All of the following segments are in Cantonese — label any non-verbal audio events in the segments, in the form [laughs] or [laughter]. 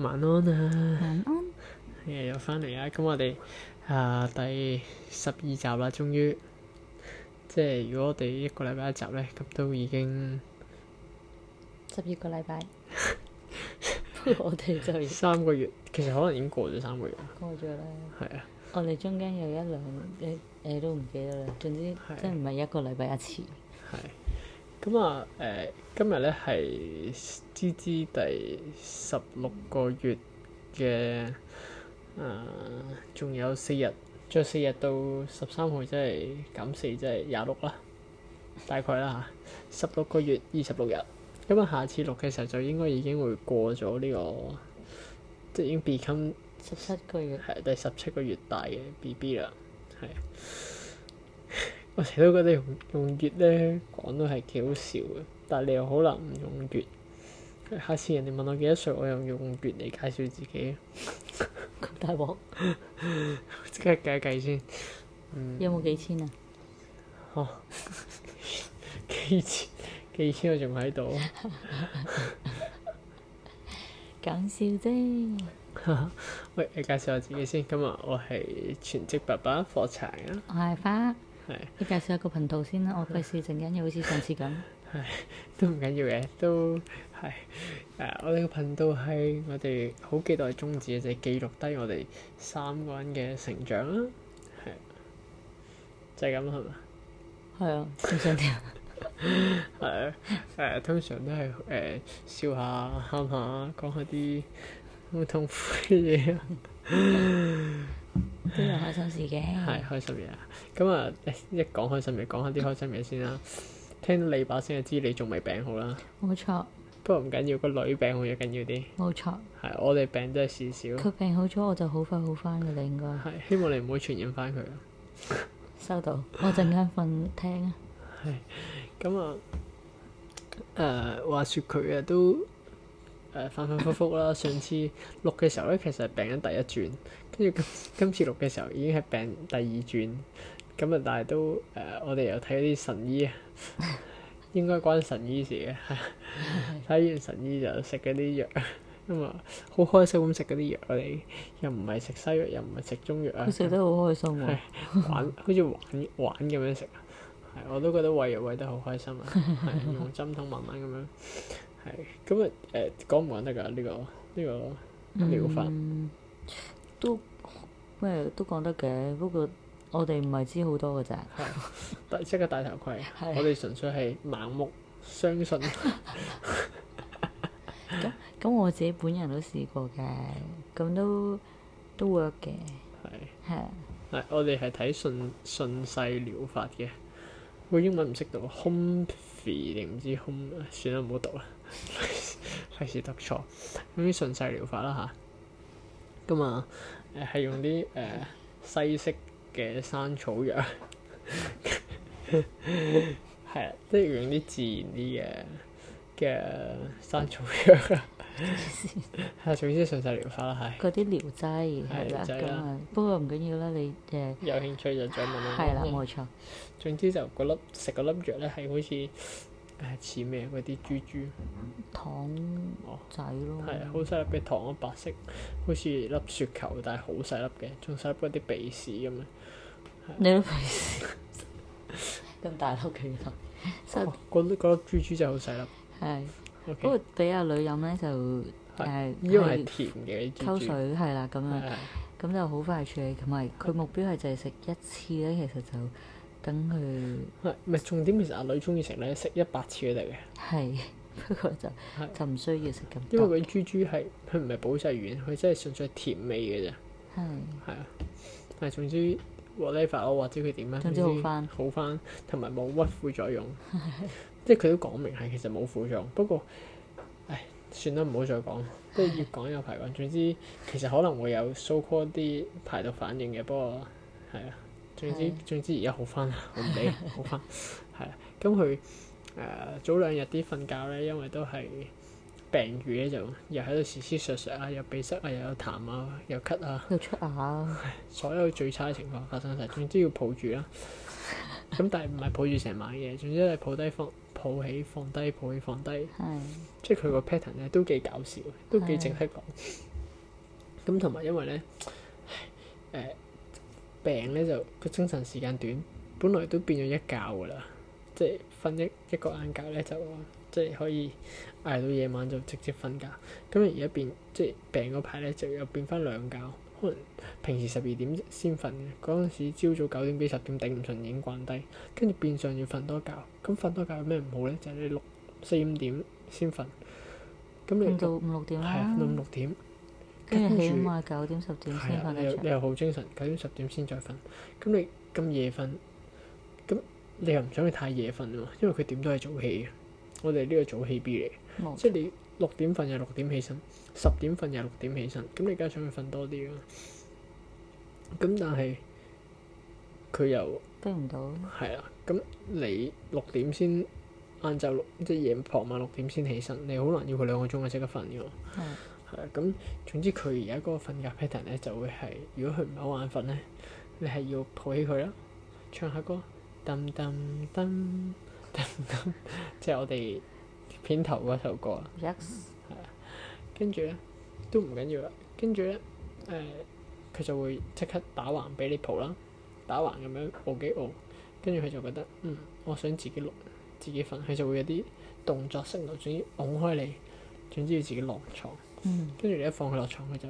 晚安啊！晚安。誒、yeah, 又翻嚟啊！咁我哋啊、呃、第十二集啦，終於。即係如果我哋一個禮拜一集咧，咁都已經。十二個禮拜。 [laughs] [laughs] 不過我哋就。三個月。其實可能已經過咗三個月。過咗了啦。係啊。我哋中間有一兩，你、哎、你、哎、都唔記得啦。總之，即係唔係一個禮拜一次。係。咁啊，誒、呃，今日咧係芝芝第十六個月嘅，啊、呃，仲有四日，再四日到十三號，即係減四，即係廿六啦，大概啦嚇，十六個月二十六日。咁、嗯、啊，下次錄嘅時候就應該已經會過咗呢、這個，即係已經 become 十七個月，係第十七個月大嘅 BB 啦，係。我成日都覺得用用月咧講都係幾好笑嘅，但係你又好難唔用月。下次人哋問我幾多歲，我又用，用月嚟介紹自己咁大鑊。即 [laughs] [laughs] 刻計計先，嗯、有冇幾千啊？嚇！ [laughs] 幾千幾千，我仲喺度講笑啫。 [laughs] 喂，你介紹下自己先。今日我係全職爸爸，火柴嘅。我係花。你介紹下個頻道先啦，我費事陣間要好似上次咁。係，都唔緊要嘅，都係誒。我哋個頻道係我哋好幾代宗旨，嘅，就係、是、記錄低我哋三個人嘅成長啦。係、哎，就係咁啦，係嘛？係啊，經常聽。係、哎、誒、哎，通常都係誒、呃、笑下、喊下，講下啲好痛苦嘅嘢。都有 [laughs] 開心事嘅，係開心嘢。咁啊，一講開心嘢，講下啲開心嘢先啦。聽到你把聲就知你仲未病好啦。冇錯錯，不過唔緊要，個女病好咗緊要啲。冇錯錯。係我哋病真係事少。佢病好咗，我就，快就好快好翻嘅，你應該。係 [laughs] 希望你唔會傳染翻佢。 [laughs] 收到，我陣間瞓聽啊。係， [laughs] 咁啊，誒、呃，話說佢啊都。誒反反覆覆啦，上次錄嘅時候咧，其實係病緊第一轉，跟住今次錄嘅時候已經係病第二轉，咁啊但係都誒、呃，我哋又睇啲神醫啊，應該關神醫事嘅，睇 [laughs] 完神醫就食嗰啲藥，咁啊好開心咁食嗰啲藥，我哋又唔係食西藥，又唔係食中藥啊，佢食得好開心啊，是 [laughs] 玩好似玩玩咁樣食，係我都覺得餵藥餵得好開心啊，係用針筒慢慢咁樣。咁啊，誒講唔玩得㗎？呢個呢個療法都咩都講得嘅，不過我哋唔係知好多㗎咋。係即係個大頭盔， [laughs] 我哋純粹係盲目相信。咁咁，我自己本人都試過嘅，咁都都 work 嘅，係係。我哋係睇順順勢療法嘅，個英文唔識 h om pe y 讀，home fee 定唔知 home，算啦，唔好讀啦。費事，費事 [laughs] 讀錯。咁啲順勢療法啦吓，咁啊，誒、嗯、係、嗯、用啲誒、呃、西式嘅生草藥，係啊，即係用啲自然啲嘅嘅生草藥啦。係，總之順勢療法啦係。嗰、嗯、啲《療劑 [laughs] 》係啦，咁啊、嗯不，不過唔緊要啦，你誒有興趣、啊、就再問啦。係、嗯、啦，冇、啊、錯。總之就嗰粒食嗰粒藥咧，係好似。 [laughs] 誒似咩？嗰啲豬豬糖仔咯，係啊，好細粒嘅糖，啊，白色，好似粒雪球，但係好細粒嘅，仲細粒啲鼻屎咁樣。你都鼻屎咁大粒其實？我覺得覺豬豬仔好細粒。係，不過俾阿女飲咧就誒，因為係甜嘅，溝水係啦咁樣，咁就好快處理，同埋佢目標係淨係食一次咧，其實就。咁佢唔係重點，其實阿女中意食咧食一百次都得嘅。係，不過就是就唔需要食咁多。因為佢啲豬豬係佢唔係保濟丸，佢真係純粹甜味嘅啫。係係是啊，但係總之 whatever 我話知佢點樣，總之好翻好翻，同埋冇屈副作用。是即係佢都講明係其實冇副作用，不過唉，算啦，唔好再講，都越講有排講。 [laughs] 總之其實可能會有 so call 啲排毒反應嘅，不過係啊。總之是的 總之而家 [laughs] 好翻，我唔理，好翻，係、嗯、啊！咁佢誒早兩日啲瞓覺咧，因為都係病癒咧，就又喺度時時削削啊，又鼻塞啊，又有痰啊，又咳又啊，又出牙，所有最差嘅情況發生晒，總之要抱住啦，咁但係唔係抱住成晚嘅，總之係抱低放抱起放低抱起放低，放是的 即係佢個 pattern 咧都幾搞笑，都幾正式講。咁同埋因為咧誒。呃病咧就個精神時間短，本來都變咗一覺噶啦，即係瞓一一個晏覺咧就即係可以捱到夜晚就直接瞓覺。咁你而家變即係病嗰排咧就又變翻兩覺，可能平時十二點先瞓嗰陣時，朝早九點幾十點頂唔順已經慣低，跟住變相要瞓多覺。咁瞓多覺有咩唔好咧？就係、是、你六四五點先瞓，咁你到五六點啦、啊。係瞓到五六點。跟住，起碼九點十點先瞓。係啊！你又你又好精神，九點十點先再瞓。咁你咁夜瞓，咁你又唔想佢太夜瞓啫嘛？因為佢點都係早起嘅，我哋呢個早起 B 嚟，錯即係你六點瞓又六點起身，十點瞓又六點起身。咁你梗係想佢瞓多啲啊？咁但係佢又得唔到？係啊！咁你六點先晏晝六點即係夜傍晚六點先起身，你好難要佢兩個鐘啊！即刻瞓嘅嘛。係啊，咁、嗯、總之佢而家嗰個瞓覺 pattern 咧，就會係如果佢唔係好眼瞓咧，你係要抱起佢啦，唱下歌，噔噔噔噔，噔噔，即係我哋片頭嗰首歌啊，Yes，係啊、嗯，跟住咧都唔緊要啦。跟住咧誒，佢、呃、就會即刻打橫俾你抱啦，打橫咁樣傲幾傲，跟住佢就覺得嗯，我想自己落自己瞓，佢就會有啲動作聲咯，總之拱開你，總之要自己落床。嗯，跟住你一放佢落床，佢就，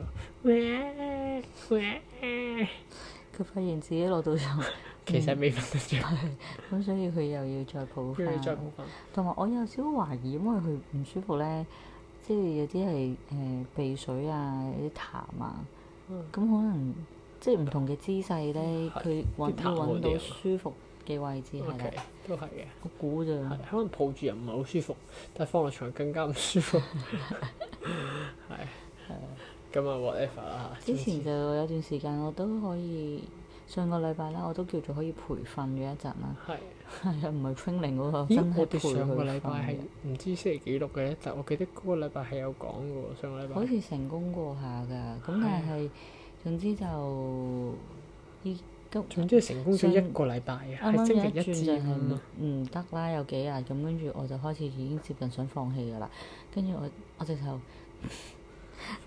佢發現自己落到床， [laughs] 其實未瞓得著，咁、嗯嗯、所以佢又要再抱翻，同埋我有少少懷疑，因為佢唔舒服咧，即係有啲係誒鼻水啊、有啲痰啊，咁、嗯、可能即係唔同嘅姿勢咧，佢揾揾到舒服嘅位置係都係嘅。我估啫。係，可能抱住又唔係好舒服，但係放落牀更加唔舒服。係。咁啊。whatever 啦。之前就有段時間我都可以，上個禮拜啦，我都叫做可以培訓咗一陣啦。係。係啊，唔係 training 嗰個真係陪佢瞓。上個禮拜係唔知星期幾六嘅一集，我記得嗰個禮拜係有講過，上個禮拜。好似成功過下㗎，咁但係總之就依。總之成功咗一個禮拜啊，係、嗯、精一志咁咯。唔得啦，有幾日咁跟住，我就開始已經接近想放棄噶啦。跟住我，我就就發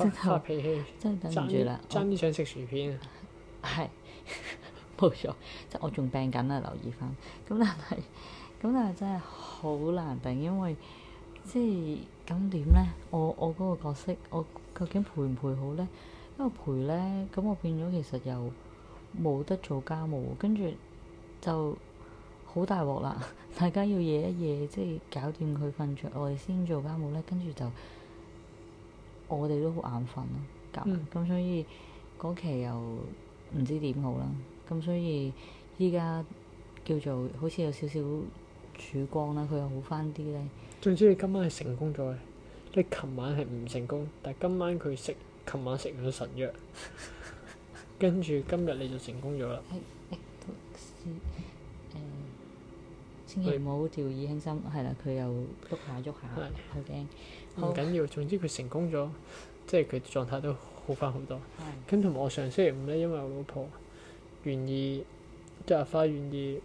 直頭發脾氣，真係到還等住啦。真還我想食薯片啊！係冇 [laughs] 錯，即、就、係、是、我仲病緊啊！留意翻咁，但係咁，但係真係好難定，因為即係咁點咧？我我嗰個角色，我究竟陪唔陪好咧？因為陪咧，咁我變咗其實又。冇得做家務，跟住就好大鑊啦！大家要夜一夜，即係搞掂佢瞓着，我哋先做家務咧。跟住就我哋都好眼瞓咯，咁，咁、嗯、所以嗰期又唔知點好啦。咁所以依家叫做好似有少少曙光啦，佢又好翻啲咧。總之你今晚係成功咗嘅，你琴晚係唔成功，但係今晚佢食琴晚食咗神藥。 [laughs] 跟住今日你就成功咗啦。誒、哎，千祈唔好掉以輕心，係、嗯、啦，佢又喐下喐下，好驚。唔緊要，總之佢成功咗，即係佢狀態都好翻好多。咁同埋我上星期五咧，因為我老婆願意，即、就是、阿花願意，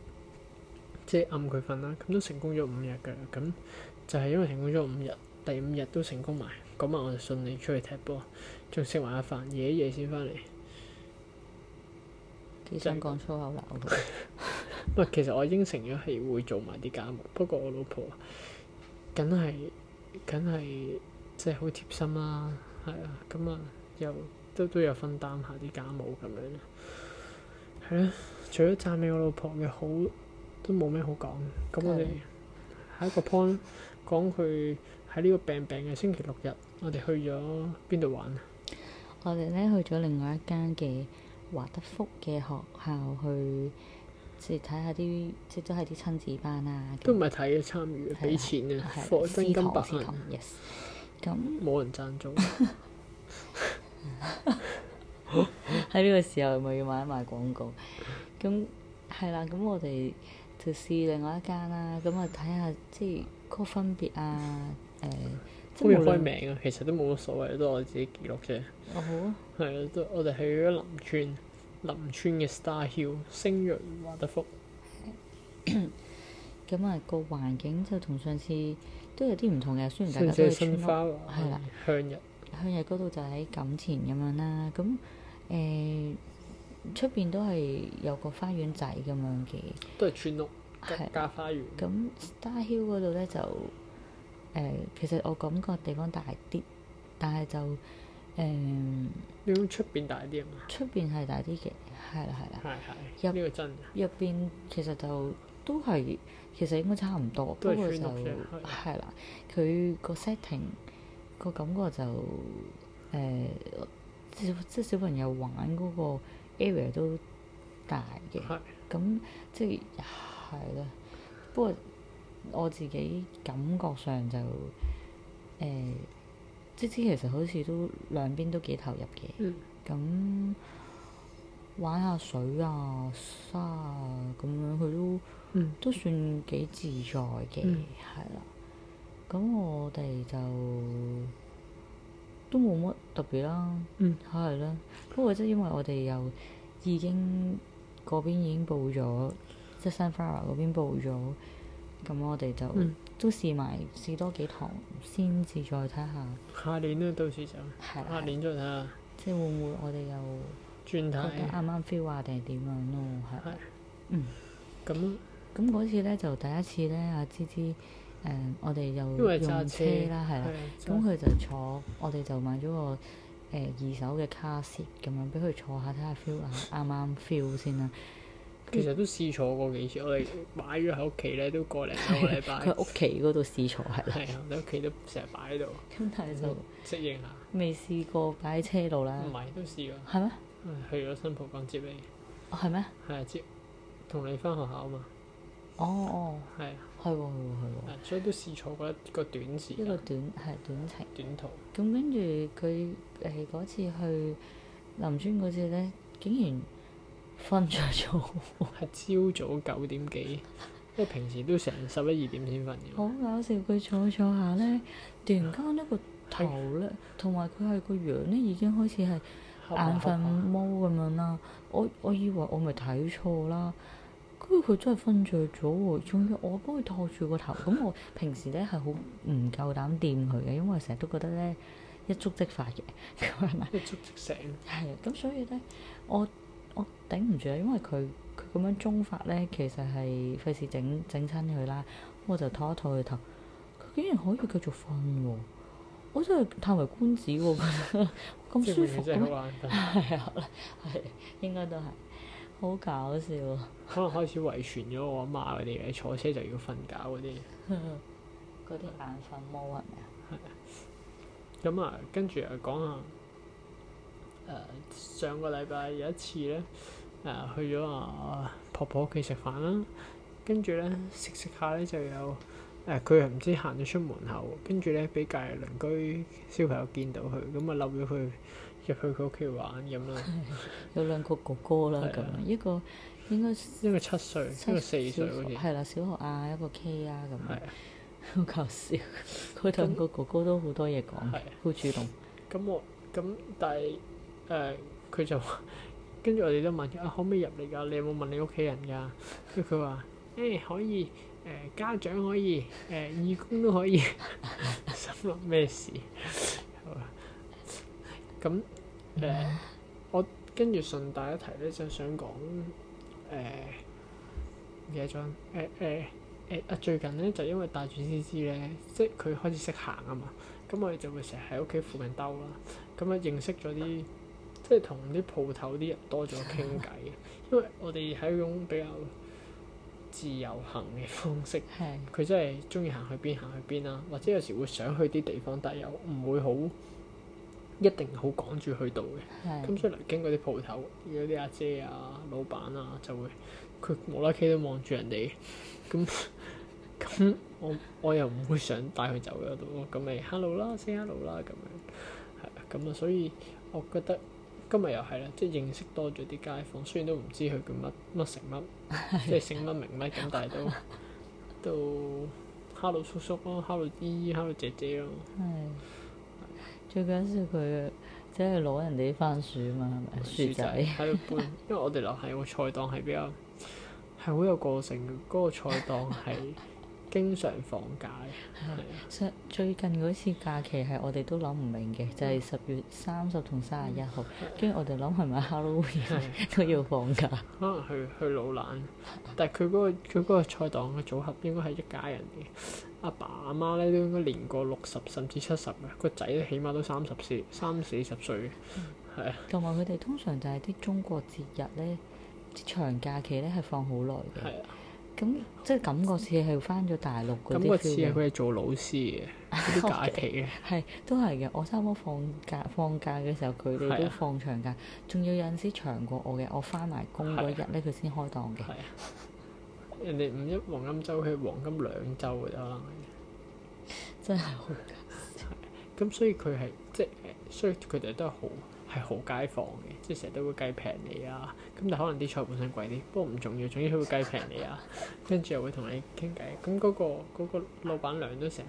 即、就、係、是、暗佢瞓啦。咁都成功咗五日㗎。咁就係因為成功咗五日，第五日都成功埋。嗰晚我就順利出去踢波，仲食埋一飯，夜一夜先翻嚟。想講粗口啊！唔，其實我應承咗係會做埋啲家務，不過我老婆梗係梗係即係好貼心啦，係啊，咁啊，又都都有分擔下啲家務咁樣。係咯，除咗讚美我老婆嘅好，都冇咩好講。咁我哋下一個 point 講佢喺呢個病病嘅星期六日，我哋去咗邊度玩啊？ [laughs] 我哋咧去咗另外一間嘅。華德福嘅學校去，即係睇下啲即係都係啲親子班啊，都唔係睇嘅，參與嘅，俾錢啊，嘅，課金白金 yes，咁冇人贊助。喺呢個時候，咪要賣一賣廣告。咁係啦，咁我哋就試另外一間啦。咁啊睇下即係個分別啊。誒，都冇開名啊，其實都冇乜所謂，都係我自己記錄啫。好。係啊，都我哋去咗林村，林村嘅 Star Hill 星潤華德福。咁啊， [coughs] 個環境就同上次都有啲唔同嘅，雖然大家都係村屋。係啦。嗯、的向日。向日嗰度就喺錦田咁樣啦，咁誒出邊都係有個花園仔咁樣嘅。都係村屋，家家花園。咁 Star Hill 嗰度咧就誒、呃，其實我感覺地方大啲，但係就。誒，點出邊大啲啊嘛？出邊係大啲嘅，係啦，係啦的，係係入。入邊真嘅？入邊其實就都係，其實應該差唔多，不過就係啦，佢的的個 setting 個感覺就誒，即、呃、係小、即係、小朋友玩嗰個 area 都大嘅，咁即係係啦。不過我自己感覺上就誒。呃即係其實好似都兩邊都幾投入嘅，咁、嗯、玩下水啊、沙啊咁樣，佢都、嗯、都算幾自在嘅，係啦、嗯。咁我哋就都冇乜特別啦，係啦、嗯。不過即係因為我哋又已經嗰邊已經報咗，即係 Sunflower 嗰邊報咗。咁我哋就都試埋試多幾堂先至再睇下。下年都到時就。係。下年再睇下。即係會唔會我哋又轉睇？啱啱 feel 啊，定係點樣咯？係。係。嗯。咁咁嗰次咧，就第一次咧，阿芝芝誒，我哋又用車啦，係啦。咁佢就坐，我哋就買咗個誒二手嘅 car seat 咁樣，俾佢坐下睇下 feel 啊，啱啱 feel 先啦。其實都試坐過幾次，我哋擺咗喺屋企咧，都過嚟佢屋企嗰度試坐係啦。啊，你屋企都成日擺喺度。咁但係是就適應下。未試過擺喺車度啦。唔係，都試過。係咩嗎？去咗新蒲崗接你。係咩、哦？係接同你返學校啊嘛。哦哦。係、哦。係喎係喎係喎。所以都試坐過一個短時。一個短係短程。短途。咁跟住佢誒嗰次去林村嗰次咧，竟然。瞓着咗，係朝分 [laughs] 早九點幾，即係平時都成十一二點先瞓嘅。 [laughs] 好搞笑，佢坐坐下咧，突然間呢個頭咧，同埋佢係個樣咧已經開始係眼瞓毛咁樣啦。我我以為我咪睇錯啦，跟住佢真係瞓着咗喎。仲要我幫佢托住個頭，咁我平時咧係好唔夠膽掂佢嘅，因為成日都覺得咧一觸即發嘅，佢係咪？一觸即醒。係啊，咁所以咧我。我頂唔住啊，因為佢佢咁樣中法咧，其實係費事整整親佢啦，我就拖一拖佢頭。佢竟然可以繼續瞓喎，我真係嘆為觀止喎，啊，咁 [laughs] 舒服。係啊，係 [laughs] [laughs] 應該都係，好搞笑。可能開始遺傳咗我阿媽嗰啲嘅，坐車就要瞓覺嗰啲。嗰啲 [laughs] 眼瞓魔係咪啊？係啊。咁啊，跟住啊，講下。誒上個禮拜有一次咧，誒去咗阿婆婆屋企食飯啦，跟住咧食食下咧就有誒，佢係唔知行咗出門口，跟住咧俾隔離鄰居小朋友見到佢，咁啊立咗佢入去佢屋企玩咁咯。有兩個哥哥啦，咁一個應該一個七歲，一個四歲，好似係啦，小學啊一個 K 啊咁。好搞笑，佢同兩個哥哥都好多嘢講，好主動。咁我咁但係。誒佢、呃、就話跟住我哋都問：啊，可唔可以入嚟㗎？你有冇問你屋企人㗎？佢話誒可以誒、呃、家長可以誒、呃、義工都可以，心諗咩事？咁誒、呃嗯、我跟住順帶一提咧，就想講誒記得咗？誒誒誒啊！最近咧就因為帶住先知咧，即係佢開始識行啊嘛，咁我哋就會成日喺屋企附近兜啦。咁啊，認識咗啲～即係同啲鋪頭啲人多咗傾偈， [laughs] 因為我哋係一種比較自由行嘅方式，佢 [laughs] 真係中意行去邊行去邊啦，或者有時會想去啲地方，但又唔會好一定好趕住去到嘅。咁 [laughs] 所以嚟經過啲鋪頭，嗰啲阿姐啊、老闆啊就會，佢無啦啦都望住人哋，咁咁 [laughs] 我我又唔會想帶佢走嘅都，咁咪 hello 啦 say hello 啦咁樣，係咁啊，所以我覺得。今日又係啦，即係認識多咗啲街坊，雖然都唔知佢叫乜乜成乜， [laughs] 即係姓乜名乜咁，但係都都 hello 叔叔咯，hello 姨姨，hello 姐姐咯。係。 [laughs] 最緊、就係、要佢即係攞人哋啲番薯啊嘛，係咪薯仔？喺度搬。因為我哋樓下有個,、嗰個菜檔係比較係好有個性嘅，嗰個菜檔係。經常放假，係，上最近嗰次假期係我哋都諗唔明嘅， [laughs] 就係十月三十同三十一號，跟住 [laughs] 我哋諗係咪 Halloween [laughs] [laughs] 都要放假？ [laughs] 可能去去老蘭， [laughs] 但係佢嗰個佢嗰個菜檔嘅組合應該係一家人嘅，阿爸阿媽咧都應該年過六十甚至七十嘅，個仔起碼都三十四三四十歲，係啊。同埋佢哋通常就係啲中國節日咧，啲長假期咧係放好耐嘅。 [laughs] [laughs] 咁即係感覺似係翻咗大陸嗰啲，感覺似佢係做老師嘅， [laughs] Okay. 假期嘅，係都係嘅。我三哥放假放假嘅時候，佢哋都放長假，仲的要有陣時長過我嘅。我翻埋工嗰日咧，佢先的開檔嘅。係啊，人哋五一黃金周去黃金兩週嘅可能， [laughs] 真係好㗎。咁所以佢係即係，所以佢哋都係好係好街坊嘅，即係成日都會計平你啊。咁但可能啲菜本身貴啲，不過唔重要。總之佢會計平你啊，跟住 [laughs] 又會同你傾偈。咁嗰、嗰個嗰、嗰個老闆娘都成日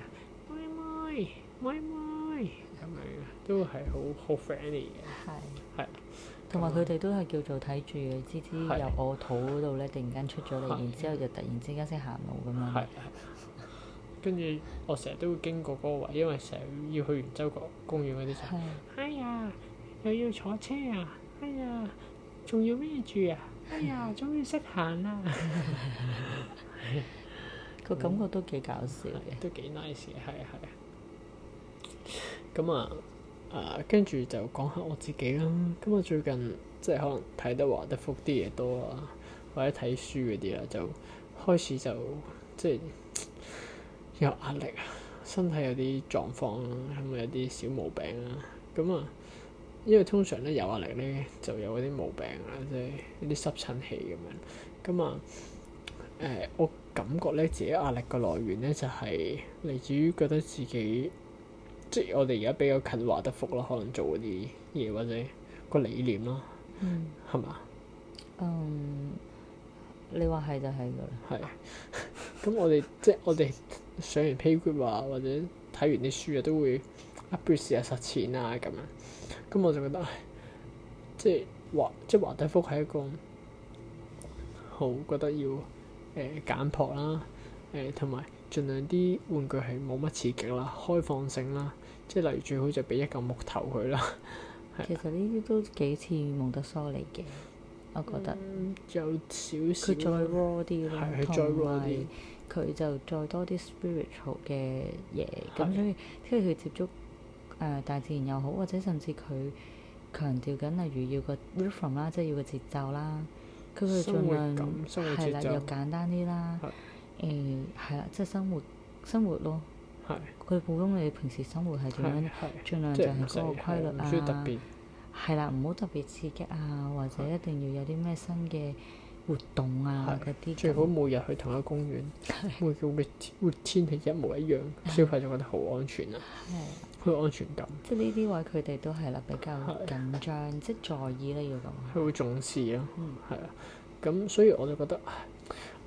，my my my my 咁樣都係好好 friendly 嘅。係係，同埋佢哋都係叫做睇住知知由我肚嗰度咧，突然間出咗嚟，的然之後就突然之間先行路咁樣。係係是的。跟 [laughs] 住我成日都會經過嗰個位，因為成日要去圓洲角公園嗰啲就哎啊，又要坐車啊，哎啊。仲要咩住啊？哎呀，終於識行啦！個 [laughs] [laughs] 感覺都幾搞笑都幾 nice 啊！係啊，係 [noise] 啊。咁啊，啊，跟住咦就講下我自己啦。咁啊， [noise] 嗯嗯、最近即係可能睇得華德福啲嘢多啊，或者睇書嗰啲啊，就開始就即係有壓力啊，身體有啲狀況啊，咁啊，有啲小毛病啊，咁啊。因為通常咧有壓力咧就有嗰啲毛病啊，即係啲濕疹氣咁樣咁啊。誒、呃，我感覺咧自己壓力嘅來源咧就係嚟自於覺得自己即係我哋而家比較近華德福啦，可能做嗰啲嘢或者個理念啦，係嘛？嗯？吧嗯，你話係就係噶啦。係。咁我哋 [laughs] 即係我哋上完 playgroup 啊，或者睇完啲書啊，都會 apply 試下實踐啊，咁樣。咁我就覺得，即係華即係華德福係一個好覺得要誒、呃、簡樸啦，誒同埋盡量啲玩具係冇乜刺激啦，開放性啦，即係例如最好就俾一嚿木頭佢啦。其實呢啲都幾似蒙特梭利嘅，嗯、我覺得。有少少。佢再 raw 啲咯，同埋佢就再多啲 spiritual 嘅嘢，咁的所以即係佢接觸。誒大自然又好，或者甚至佢強調緊，例如要個 rhythm 啦，即係要個節奏啦。佢會盡量係啦，又簡單啲啦。誒係啦，即係生活生活咯。佢普通嘅平時生活係點樣？盡量就係嗰個規律啊。係啦，唔好特別刺激啊，或者一定要有啲咩新嘅活動啊嗰啲。最好每日去同一公園，每日嘅天氣一模一樣，消費就覺得好安全啦。都安全感，即係呢啲位佢哋都係啦，比較緊張，是的 即係在意啦，要咁。佢會重視啊，係啊、嗯，咁所以我就覺得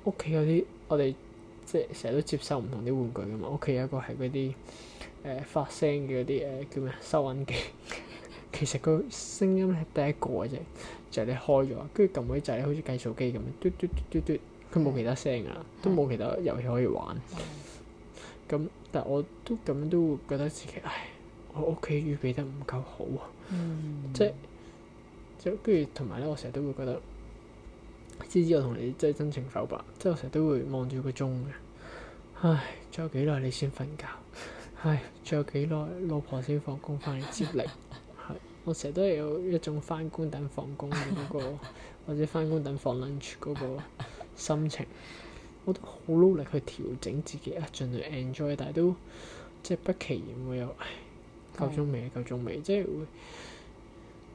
屋企嗰啲，我哋即係成日都接收唔同啲玩具噶嘛。屋企有一個係嗰啲誒發聲嘅嗰啲誒叫咩收音機，其實佢聲音係第一個嘅啫， [laughs] 就係、是、你開咗，跟住撳嗰啲掣，好似計數機咁樣嘟嘟嘟嘟嘟，佢冇其他聲啊，是的 都冇其他遊戲可以玩。咁的，但係我都咁都會覺得自己唉～我屋企預備得唔夠好啊，嗯。即係即係跟住同埋咧，我成日都會覺得知知我同你真係真情剖白。即係我成日都會望住個鐘嘅，唉，仲有幾耐你先瞓覺？唉，仲有幾耐老婆先放工翻嚟接力？係 [laughs] 我成日都係有一種翻工等放工嘅嗰個， [laughs] 或者翻工等放 lunch 嗰個心情。我都好努力去調整自己啊，盡量 enjoy，但係都即係不期然會有。唉。夠鐘未？夠鐘未？即係會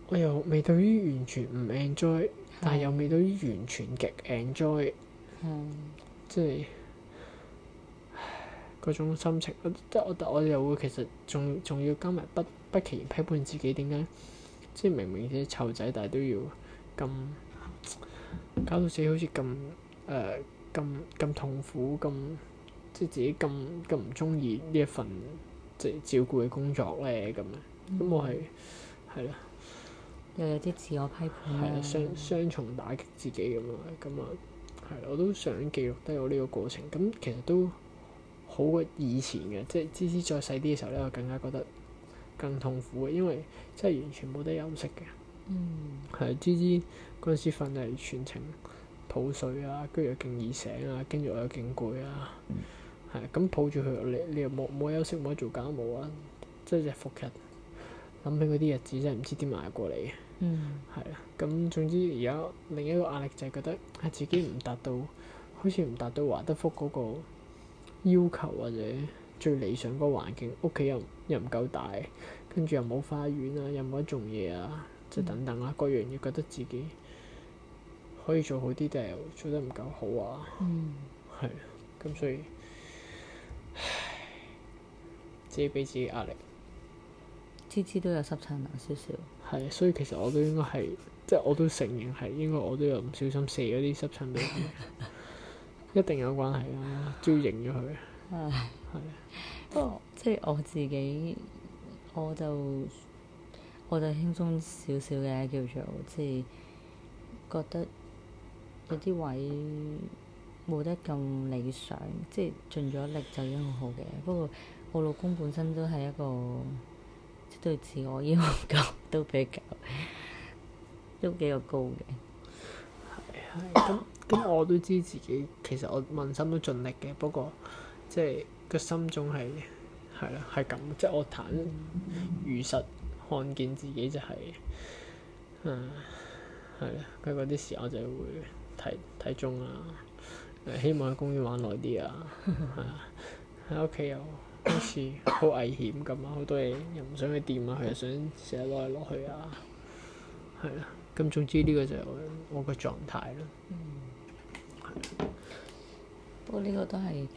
我又未到於完全唔 enjoy，嗯、但係又未到於完全極 enjoy，嗯、即係嗰種心情。即係我，但係我又會其實仲仲要加埋不不期然批判自己點解，即係明明自己臭仔，但係都要咁搞到自己好似咁誒咁咁痛苦，咁即係自己咁咁唔中意呢一份。即照顧嘅工作咧咁啊，咁我係係咯，嗯、的又有啲自我批判，係雙雙重打擊自己咁啊，咁啊係，我都想記錄低我呢個過程，咁其實都好過以前嘅，即芝芝再細啲嘅時候咧，我更加覺得更痛苦嘅，因為即完全冇得休息嘅，嗯，係芝芝嗰陣時瞓係全程抱睡啊，跟住又勁易醒啊，跟住又勁攰啊。係咁、嗯、抱住佢，你你又冇冇休息，冇得做家務啊，即係日復日。諗起嗰啲日子，真係唔知點捱過嚟嘅。啊、嗯，咁總之而家另一個壓力就係覺得係自己唔達到，好似唔達到華德福嗰個要求或者最理想嗰個環境。屋企又又唔夠大，跟住又冇花園啊，又冇一種嘢啊，即、就、係、是、等等啊。嗯、各樣又覺得自己可以做好啲，但係做得唔夠好啊。嗯。啊、嗯，咁所以。自己畀自己壓力，次次都有濕疹啊，少少。係，所以其實我都應該係， [laughs] 即係我都承認係，應該我都有唔小心射嗰啲濕疹俾佢， [laughs] 一定有關係啦，都要認咗佢。係 [laughs] 的， [laughs] 不過即係我自己，我就我就輕鬆少少嘅，叫做即係覺得有啲位。冇得咁理想，即係盡咗力就已經好好嘅。不過我老公本身都係一個即對自我要求都比較都比較高嘅。係啊，咁咁我都知自己其實我問心都盡力嘅。不過即係個心中係係啦，係咁即係我坦如實看見自己就係、是、嗯係啦。咁嗰啲時候我就會睇睇中啦、啊。希望喺公園玩耐啲啊，係啊， [laughs] 喺屋企又好似好危險咁啊，好多嘢又唔想去掂啊，佢又想成日落嚟落去啊，係啦，咁總之呢個就係我個狀態咯。不過、嗯。的個呢個都係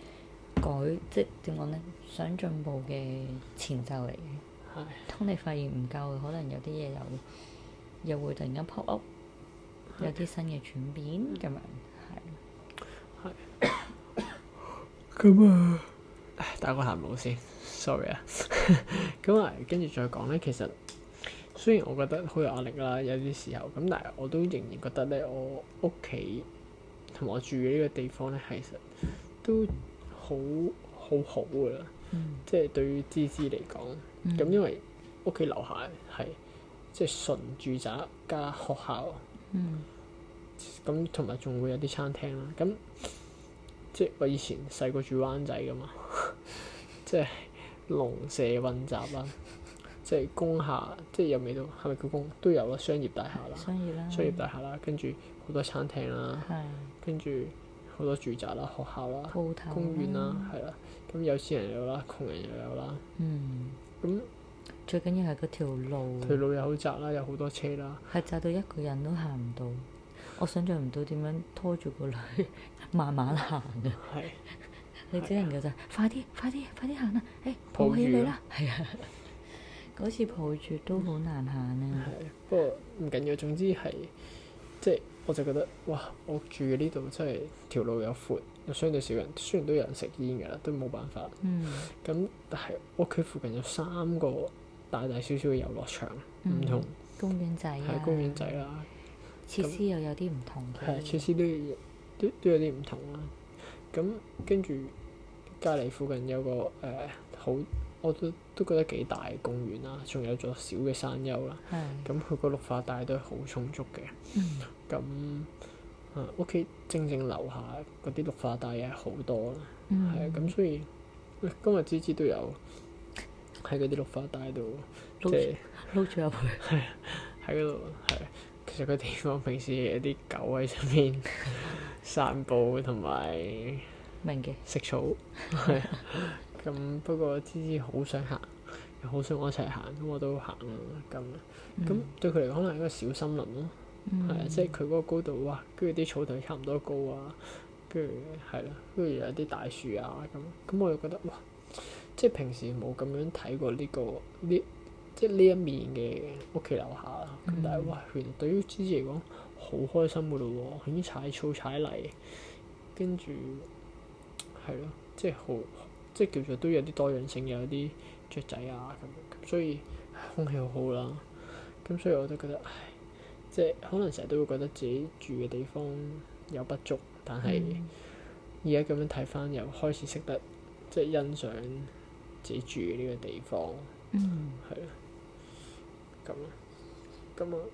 改即點講咧？想進步嘅前奏嚟嘅。係的。當你發現唔夠，可能有啲嘢又又會突然間破屋，的有啲新嘅轉變咁樣。咁啊、嗯，打個喊露先，sorry 啊、 [laughs] 嗯。咁啊、嗯，跟住再講咧，其實雖然我覺得好有壓力啦，有啲時候咁，但係我都仍然覺得咧，我屋企同埋我住嘅呢個地方咧，其實都好好好噶啦。嗯、即係對於芝芝嚟講，咁、嗯、因為屋企樓下係即係純住宅加學校。咁同埋仲會有啲餐廳啦。咁、嗯。即係我以前細個住灣仔㗎嘛，呵呵即係龍蛇混雜啦、啊，即係工廈，即係又未到，係咪叫工？都有啊，商業大廈商業啦，商業大廈啦，跟住好多餐廳啦，係跟住好多住宅啦，學校布團 啦，公園啦，係啦，咁有錢人又有啦，窮人又有啦，嗯，咁、嗯、最緊要係嗰條路，條路又好窄啦，有好多車啦，係窄到一個人都行唔到。我想像唔到點樣拖住個女慢慢行嘅、啊，是 [laughs] 你只能夠就快啲、快啲、快啲行啦！哎、啊欸，抱起你啦！係啊，嗰 [laughs] [laughs] 次抱住都好難行啊。係，不過唔緊要，總之係，即、就、係、是、我就覺得哇！我住喺呢度真係條路又闊，又相對少人，雖然都有人食煙㗎啦，都冇辦法。嗯。咁但係屋企附近有三個大大小小嘅遊樂場，唔、嗯、同公園仔啊，公園仔啦。設施又有啲唔同嘅、嗯，係設施都都都有啲唔同啦。咁跟住隔籬附近有個誒、呃、好，我都都覺得幾大嘅公園啦，仲有座小嘅山丘啦。咁佢的個綠化帶都係好充足嘅。咁屋企正正樓下嗰啲綠化帶係好多啦。嗯。咁所以、呃、今日芝芝都有喺嗰啲綠化帶度，即、就、係、是、撈住阿佩，係喺度，係。 [laughs] [laughs] 就個地方平時有啲狗喺上面散步明，同埋食草。係啊， [laughs] [laughs] [laughs] 咁不過芝芝好想行，又好想一我一齊行，啊，咁我都行咁咁，對佢嚟講，可能係一個小森林咯。係啊，即係佢嗰個高度，哇！跟住啲草地差唔多高啊。跟住係啦，跟住，啊、有啲大樹啊。咁咁我又覺得哇！即係平時冇咁樣睇過呢、呢個呢。即係呢一面嘅屋企樓下，咁、嗯、但係哇，原來對於芝芝嚟講好開心嘅咯喎，已經踩草踩泥，跟住係咯，即係好，即係叫做都有啲多樣性，有啲雀仔啊咁，咁所以空氣好好啦。咁所以我都覺得，唉，即係可能成日都會覺得自己住嘅地方有不足，但係而家咁樣睇翻又開始識得即係欣賞自己住嘅呢個地方，係咯、嗯。咁咁啊，啊，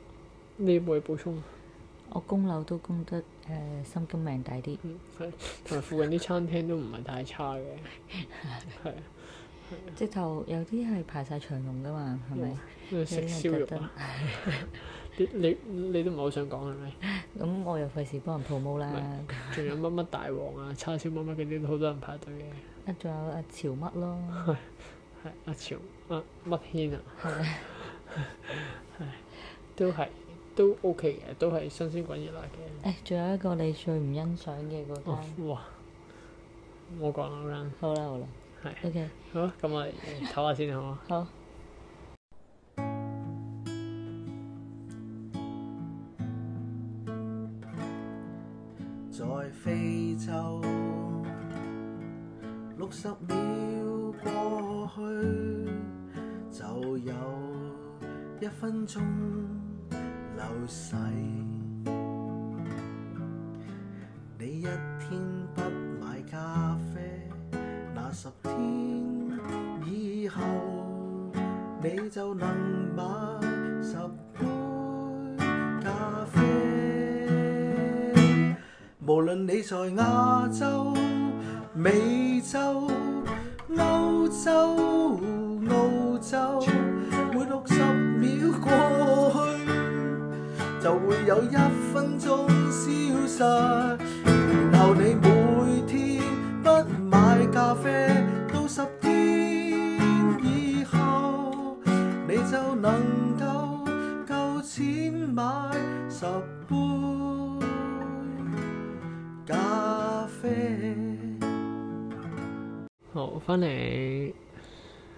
你要唔要補充啊？我供樓都供得誒、呃、心驚命大啲，同埋、嗯、附近啲餐廳都唔係太差嘅，係啊，直頭有啲係排晒長龍㗎嘛，係咪？食、嗯嗯、燒肉啊！ [laughs] 你你都唔係好想講係咪？咁我又費事幫人鋪毛啦。仲有乜乜大王啊、叉燒乜乜嗰啲都好多人排隊嘅、啊啊 [laughs] 啊。啊，仲有阿潮乜咯？係阿潮阿乜軒啊？係。 [laughs] [laughs] [laughs] 都係，都 OK 嘅，都係新鮮滾熱辣嘅。誒、哎，仲有一個你最唔欣賞嘅嗰個。哇！冇講啦，好啦，好啦是，係。O K。好，咁我唞下先， [laughs] 好嘛嗎？好。在非洲，六十秒過去就有。一分鐘流逝，你一天不買咖啡，那十天以後，你就能買十杯咖啡。無論你在亞洲、美洲、歐洲、澳洲。翻嚟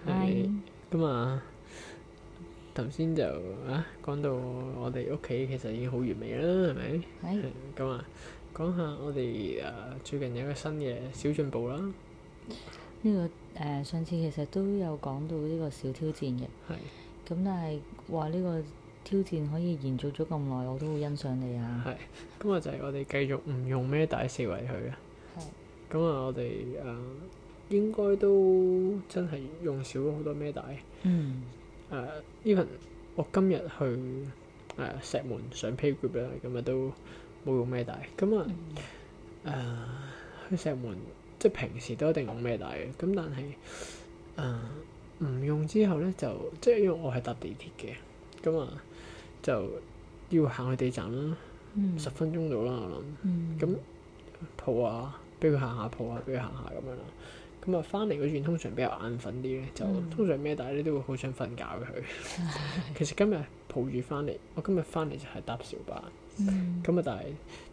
係咁啊！頭先就啊，講到我哋屋企其實已經好完美啦，係咪？係咁 Hi.、嗯、啊，講下我哋誒、啊、最近有一個新嘅小進步啦。呢、呢個誒、呃、上次其實都有講到呢個小挑戰嘅，係咁是，但係話呢個挑戰可以延續咗咁耐，我都好欣賞你啊。係咁啊，就係我哋繼續唔用咩大四圍去啊。係咁 Hi. 啊，我哋誒。啊應該都真係用少咗好多揹帶。誒、嗯 uh,，even 我今日去誒、uh, 石門上 playgroup 啦，咁啊都冇用揹帶。咁啊誒，嗯 uh, 去石門即係平時都一定用揹帶嘅。咁但係誒唔用之後咧，就即係因為我係搭地鐵嘅，咁啊就要行去地站啦，十、嗯、分鐘到啦，我諗。咁抱、嗯嗯、下，俾佢行下抱下，俾佢行下咁樣啦。咁啊，翻嚟嗰段通常比較眼瞓啲咧，嗯、就通常揹帶咧都會好想瞓覺佢。其實今日抱住翻嚟，我今日翻嚟就係搭小巴 parole,、嗯，咁啊但係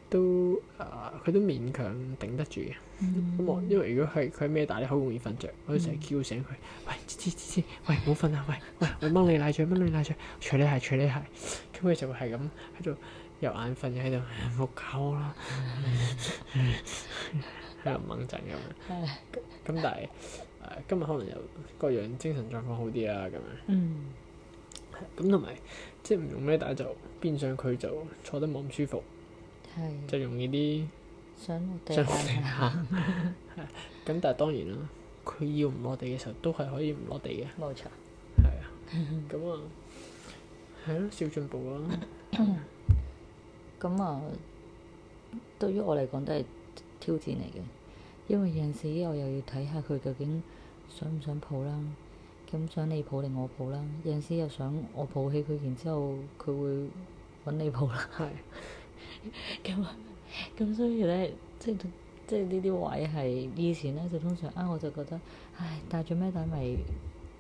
都啊佢都勉強頂得住嘅。咁我、嗯、因為如果係佢揹帶咧，好容易瞓着。我成日叫醒佢，喂、嗯，喂，唔好瞓啊，喂，喂、嗯，我掹你奶嘴，掹你奶嘴，除你鞋，除你鞋，咁佢就會係咁喺度又眼瞓又喺度，冇搞啦，喺度掹陣咁。咁但係誒今日可能又各樣精神狀況好啲啊。咁樣。嗯。咁同埋即係唔用咩帶就變相佢就坐得冇咁舒服。係。就容易啲。想落地。想試下。咁但係當然啦，佢要唔落地嘅時候都係可以唔落地嘅。冇錯。係啊。咁啊，係咯，小進步咯。咁啊，對於我嚟講都係挑戰嚟嘅。因為有陣時，我又要睇下佢究竟想唔想抱啦。咁想你抱定我抱啦。有陣時又想我抱起佢，然之後佢會搵你抱啦。係咁咁，所以咧，即係即係呢啲位係以前咧，就通常啊，我就覺得唉，戴住咩帶咪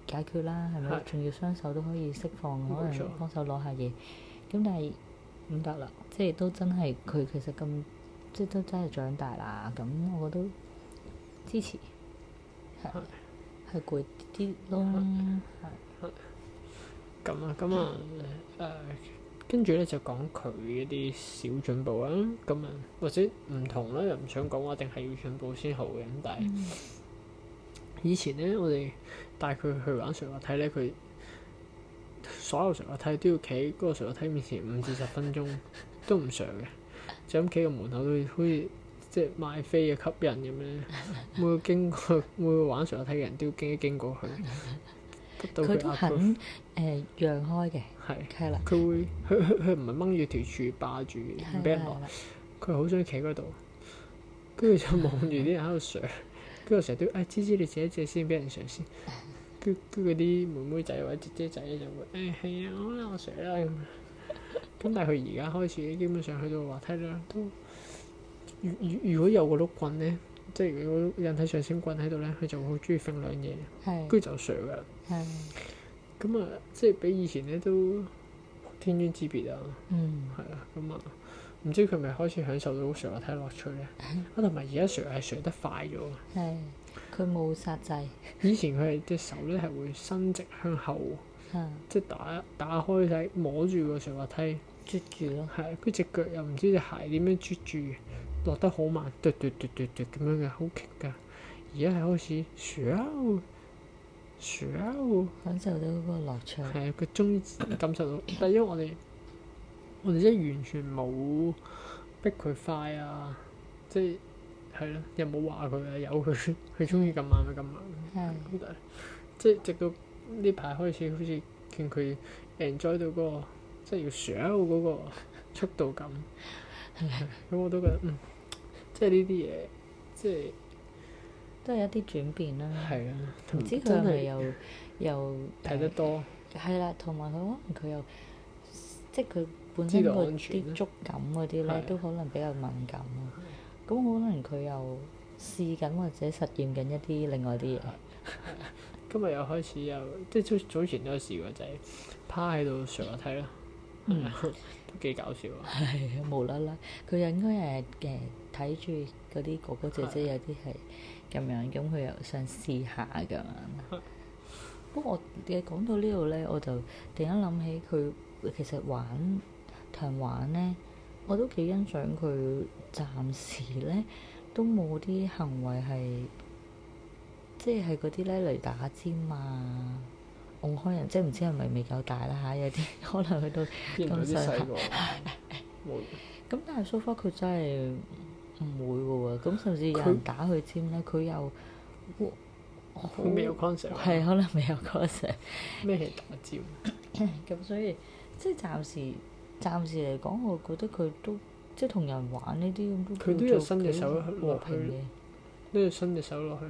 解決啦，係咪仲要雙手都可以釋放，錯可能幫手攞下嘢。咁但係唔得啦，即係都真係佢其實咁即係都真係長大啦。咁我覺得。支持，係係攰啲啲咯，係。咁啊，咁啊，誒，跟住咧就講佢一啲小進步啊，咁啊，或者唔同啦，又唔想講話，定係要進步先好嘅。咁但係，嗯、以前咧我哋帶佢去玩水滑梯咧，佢所有水滑梯都要企嗰個水滑梯面前五至十分鐘，都唔上嘅，就咁企個門口都好似。即係賣飛嘅吸引咁咧，每個經過每個玩上滑梯嘅人都經一經過佢，得到佢阿哥，誒、呃、讓開嘅，係是，係啦了，佢會，佢佢唔係掹住條柱霸住，唔俾人落，佢好想企嗰度，跟住就望住啲人喺度上，跟住成日都，誒、哎、芝芝你借一借先，俾人上先人上，跟跟嗰啲妹妹仔或者姐姐仔就會，誒係啊，我嚟我，我上啦咁，咁但係佢而家開始，基本上去到滑梯啦。都。如如果有個碌棍咧，即係如果引體上升棍喺度咧，佢就會好中意揈兩嘢，跟住就上噶啦。咁啊，即係比以前咧都天淵之別啊。嗯，係啊，咁啊，唔知佢咪開始享受到上滑梯樂趣咧？啊，同埋而家上係上得快咗。係，佢冇殺制。以前佢係隻手咧係會伸直向後，即係打打開睇，摸住個上滑梯，啜住咯。係，跟住隻腳又唔知隻鞋點樣啜住。落得好慢，嘟嘟嘟嘟嘟，咁樣嘅，好勁㗎。而家係開始 show，show 感受到嗰個落場。係啊，佢 [coughs] 終於感受到，但係因為我哋，我哋真係完全冇逼佢快啊，即係係咯，又冇話佢啊，由佢佢中意咁慢咪咁慢。係的。即係直到呢排開始，好似見佢 enjoy 到嗰、那個即係、就是、要 show 嗰個速度感。咁我都覺得嗯。的 [laughs] [coughs] 即係呢啲嘢，即係都係一啲轉變啦。係啊，唔知佢係咪又的又睇看得多？係啦、啊，同埋佢可能佢又即係佢本身個啲觸感嗰啲咧，啊、都可能比較敏感啊。咁可能佢又試緊或者實驗緊一啲另外啲嘢。 [laughs] 今日又開始又即係早前都有試過，就係、是、趴喺度上，上下睇啦。嗯，都幾搞笑啊！係 [laughs] 無啦啦，佢應該係誒睇住嗰啲哥哥姐姐的有啲係咁樣，咁佢又想試下咁樣。 [laughs] 不過我嘅講到呢度咧，我就突然間諗起佢其實玩同人玩咧，我都幾欣賞佢，暫時咧都冇啲行為係即係嗰啲咧嚟打尖嘛、啊。澳開人即係唔知係咪未夠大啦嚇、啊，有啲可能去到都細喎。咁但係 so far 真係唔會嘅喎，咁甚至有人打佢尖咧，佢他又佢未有冇，係可能未有 concept。咩係打尖？咁 [laughs] [laughs] [laughs] 所以即係暫時暫時嚟講，我覺得佢都即係同人玩呢啲都佢都有伸隻手去和平嘅，都要伸隻手落去。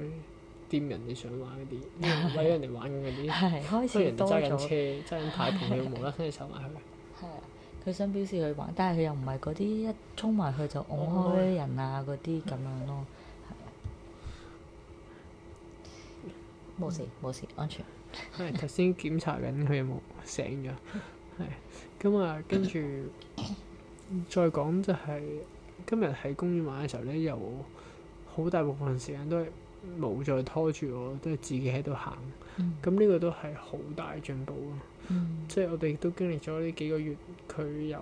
掂人哋想玩嗰啲，睇人哋玩嗰啲，雖然揸緊車揸緊太蓬，佢冇啦啦先走埋去。係啊，佢 [laughs] 是 [laughs] 想表示佢玩，但係佢又唔係嗰啲一衝埋去就㧬開人啊嗰啲咁樣咯。冇事冇事，安全係頭先 [laughs] 檢查緊佢有冇醒咗。係咁啊，跟住再講就係、是、今日喺公園玩嘅時候咧，由好大部分時間都係。冇再拖住我，都係自己喺度行。咁呢、嗯、個都係好大進步咯、啊。嗯、即係我哋都經歷咗呢幾個月，佢由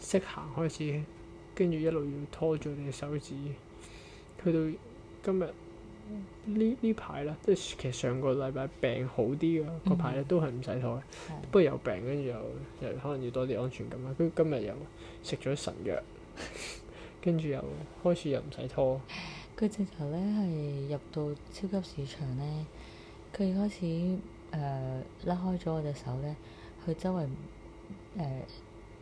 識行開始，跟住一路要拖住我哋嘅手指，去到今日呢呢排啦。即係其實上個禮拜病好啲咯，嗰排咧都係唔使拖。嗯、不過有病，跟住又又可能要多啲安全感啦。跟住今日又食咗神藥，跟 [laughs] 住又開始又唔使拖。佢直頭咧係入到超級市場咧，佢開始誒、呃、拉開咗我隻手咧，去周圍誒，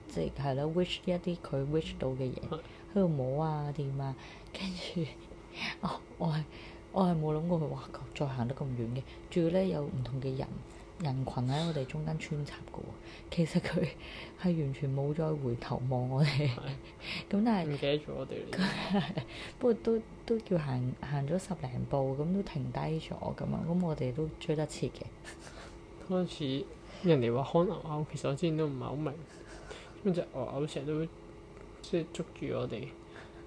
即係啦，reach 一啲佢 reach 到嘅嘢，喺度摸啊掂啊，跟住，哦，我係我係冇諗過佢話再行得咁遠嘅，仲要咧有唔同嘅人。人群喺我哋中間穿插嘅、哦、其實佢係完全冇再回頭望我哋，咁他 [laughs] 但係唔記得咗我哋。不過都都叫行行咗十零步，咁都停低咗咁樣，咁我哋都追得切嘅。開始人哋話可能牛，其實我之前都唔係好明，咁就我成日都即係捉住我哋，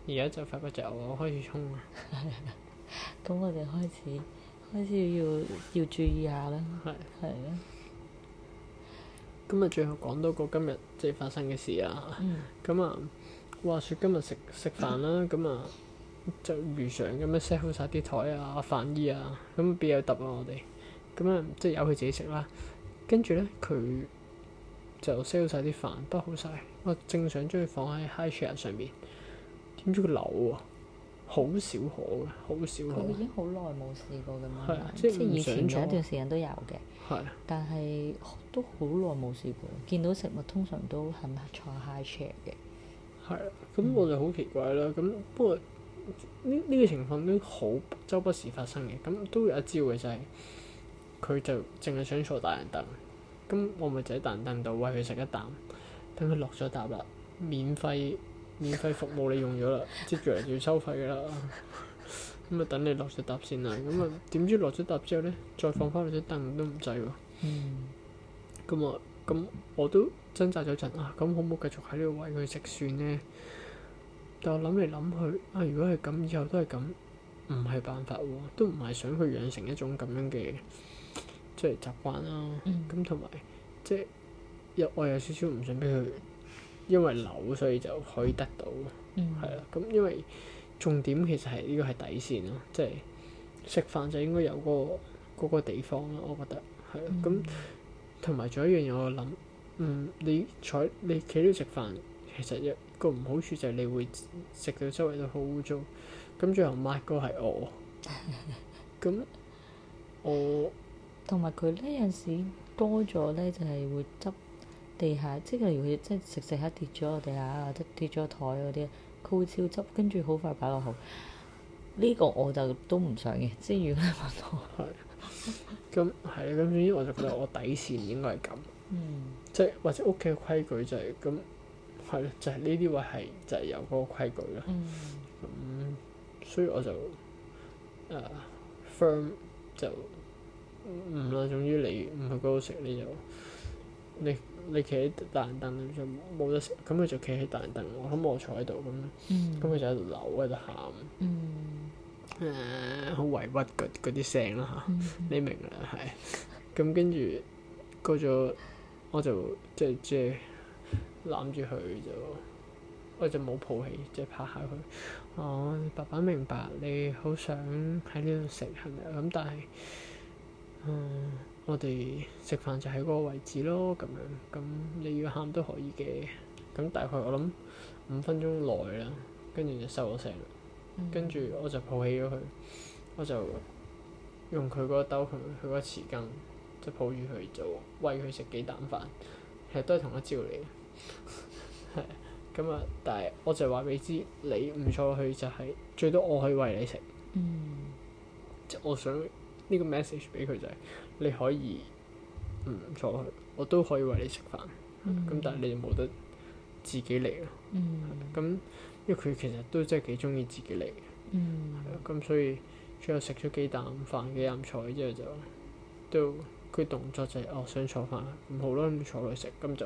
而家就發覺就我開始衝啦。咁、 [laughs] 嗯、我哋開始。開始要要注意下啦，係啦。咁啊，最後講多個今日即係發生嘅事啊。咁、嗯、啊，話説今日食食飯啦，咁啊，啊，就如常咁樣 set 好晒啲台啊、飯椅啊，咁、嗯、邊有揼啊我哋。咁啊，即係由佢自己食啦。跟住咧，佢就 set 好晒啲飯，擺好晒。我正想將佢放喺 high chair 上面，點知佢扭啊。好少可嘅，好少可。佢已經好耐冇試過咁樣，即係以前前一段時間都有嘅。係的。但係都好耐冇試過，見到食物通常都肯坐 high chair 嘅。係啊，咁我就好奇怪啦。咁、嗯、不過呢呢、呢個情況都好周不時發生嘅。咁都有一招嘅就係、是，佢就淨係想坐大人凳。咁我咪就喺大人凳度餵佢食一啖，等佢落咗啖啦，免費。免費服務你用咗啦，接住嚟就要收費㗎啦。咁 [laughs] 啊等你落咗搭先啊，咁啊點知落咗搭之後咧，再放翻落隻凳都唔制喎。咁啊、嗯，咁我都掙扎咗陣啊，咁好唔好繼續喺呢度餵佢食算呢？但我諗嚟諗去啊，如果係咁，以後都係咁，唔係辦法喎、啊，都唔係想去養成一種咁樣嘅即係習慣啦、啊。咁同埋即係又我有少少唔想俾佢。因為樓，所以就可以得到，係啊、嗯，咁因為重點其實係呢個係底線咯，即係食飯就應該有個嗰個地方咯，我覺得係，咁同埋仲有一樣嘢我諗，嗯，你坐你企喺度食飯，其實一個唔好處就係你會食到周圍都好污糟，咁最後抹個係我，咁 [laughs] 我同埋佢呢有陣時多咗呢，就係會執。地下即係，如果即係食食下跌咗地下啊，跌跌咗個台嗰啲，佢會照執，跟住好快擺落口。呢、呢個我就都唔想嘅。即係如果問我係咁係，咁總之我就覺得我底線應該係咁，即係、嗯、或者屋企嘅規矩就係咁係咯，就係呢啲位係就係有嗰個規矩咯。咁、嗯嗯、所以我就誒、uh, firm 就唔啦。總之你唔去嗰度食你就你。你企喺大人凳度就冇得食，咁佢就企喺大人凳，我諗我坐喺度咁，咁佢、嗯、就喺度扭喺度喊，誒好、嗯呃、委屈嗰啲聲啦嚇，嗯、你明㗎係，咁跟住過咗我就即係即係攬住佢就，我就冇抱起，即係拍下佢，哦，爸爸明白你好想喺呢度食。係咪？咁但係，嗯。我哋食飯就喺嗰個位置咯，咁樣，咁你要喊都可以嘅。咁大概我諗五分鐘內啦，跟住就收咗聲，跟住、嗯、我就抱起咗佢，我就用佢嗰兜佢，佢嗰匙羹，即抱住佢就餵佢食幾啖飯，其實都係同一招嚟嘅，係咁啊！但係我就話俾你知，你唔錯去就係最多我可以餵你食，即係、嗯、我想呢個 message 俾佢就係、是。你可以唔、嗯、坐落去，我都可以為你食飯。咁、mm. 嗯嗯、但係你就冇得自己嚟啦。咁因為佢其實都真係幾中意自己嚟嘅。咁、mm. 所以最後食咗幾啖飯、幾啖菜之後就，就都佢動作就係、是、哦我想坐飯，唔、嗯、好啦，唔坐落去食咁就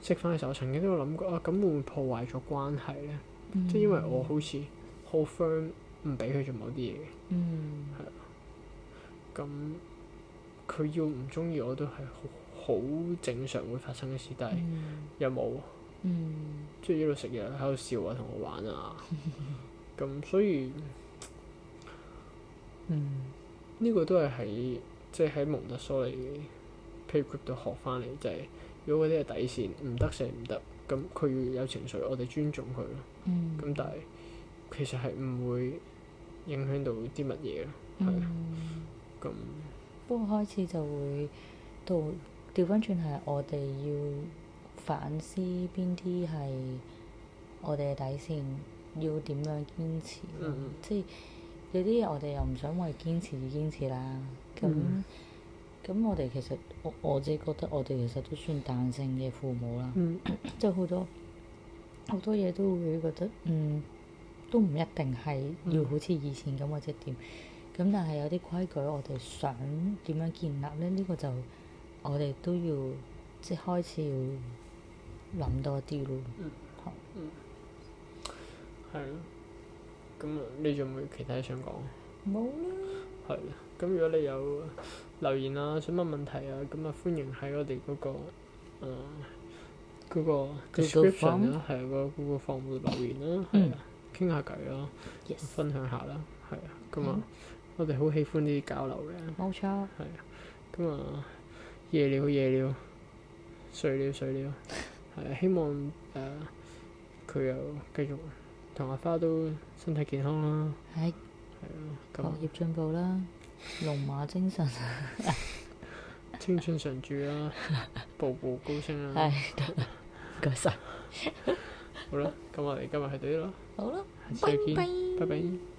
食翻嘅時候，曾經都有諗過啊，咁會唔會破壞咗關係咧？即係、mm. 因為我好似好 firm 唔俾佢做某啲嘢嘅，係啦、mm.，咁。嗯佢要唔中意我都係好正常會發生嘅事，但係又冇，即係、嗯、一路食嘢喺度笑啊，同我玩啊，咁 [laughs] 所以，嗯，呢個都係喺即係喺蒙特梭利 play group 度學翻嚟，就係、是就是、如果嗰啲係底線唔得，成唔得，咁佢要有情緒，我哋尊重佢咯，咁、嗯、但係其實係唔會影響到啲乜嘢咯，係啊，咁。不過開始就會到調翻轉係我哋要反思邊啲係我哋嘅底線，嗯、要點樣堅持？即係、嗯嗯就是、有啲嘢我哋又唔想為堅持而堅持啦。咁咁、嗯、我哋其實我我自己覺得我哋其實都算彈性嘅父母啦，即係好多好 [coughs] 多嘢都會覺得嗯都唔一定係要好似以前咁、嗯、或者點。咁但係有啲規矩，我哋想點樣建立咧？呢、呢個就我哋都要即係開始要諗多啲咯、嗯。嗯，好。嗯，係啊。咁你仲有冇其他想講？冇啦呢。係啊。咁如果你有留言啊，想問問題啊，咁啊歡迎喺我哋嗰、嗰個誒嗰、呃嗰個 description 啦、嗯，係、嗯、嗰、嗰個 Google Form 度留言啦、啊，係傾、嗯、下偈啦，Yes. 分享下啦，係啊，咁啊、嗯。嗯。我哋好喜歡呢啲交流嘅，冇錯。係啊，咁啊，夜了夜了，睡了睡了，係希望誒佢又繼續同阿花都身體健康啦。係。係啊，咁學業進步啦，龍馬精神，青春常駐啦，步步高升啦。係。唔該曬。好啦，今日嚟，今日係到呢度。好啦，下次再見，拜拜。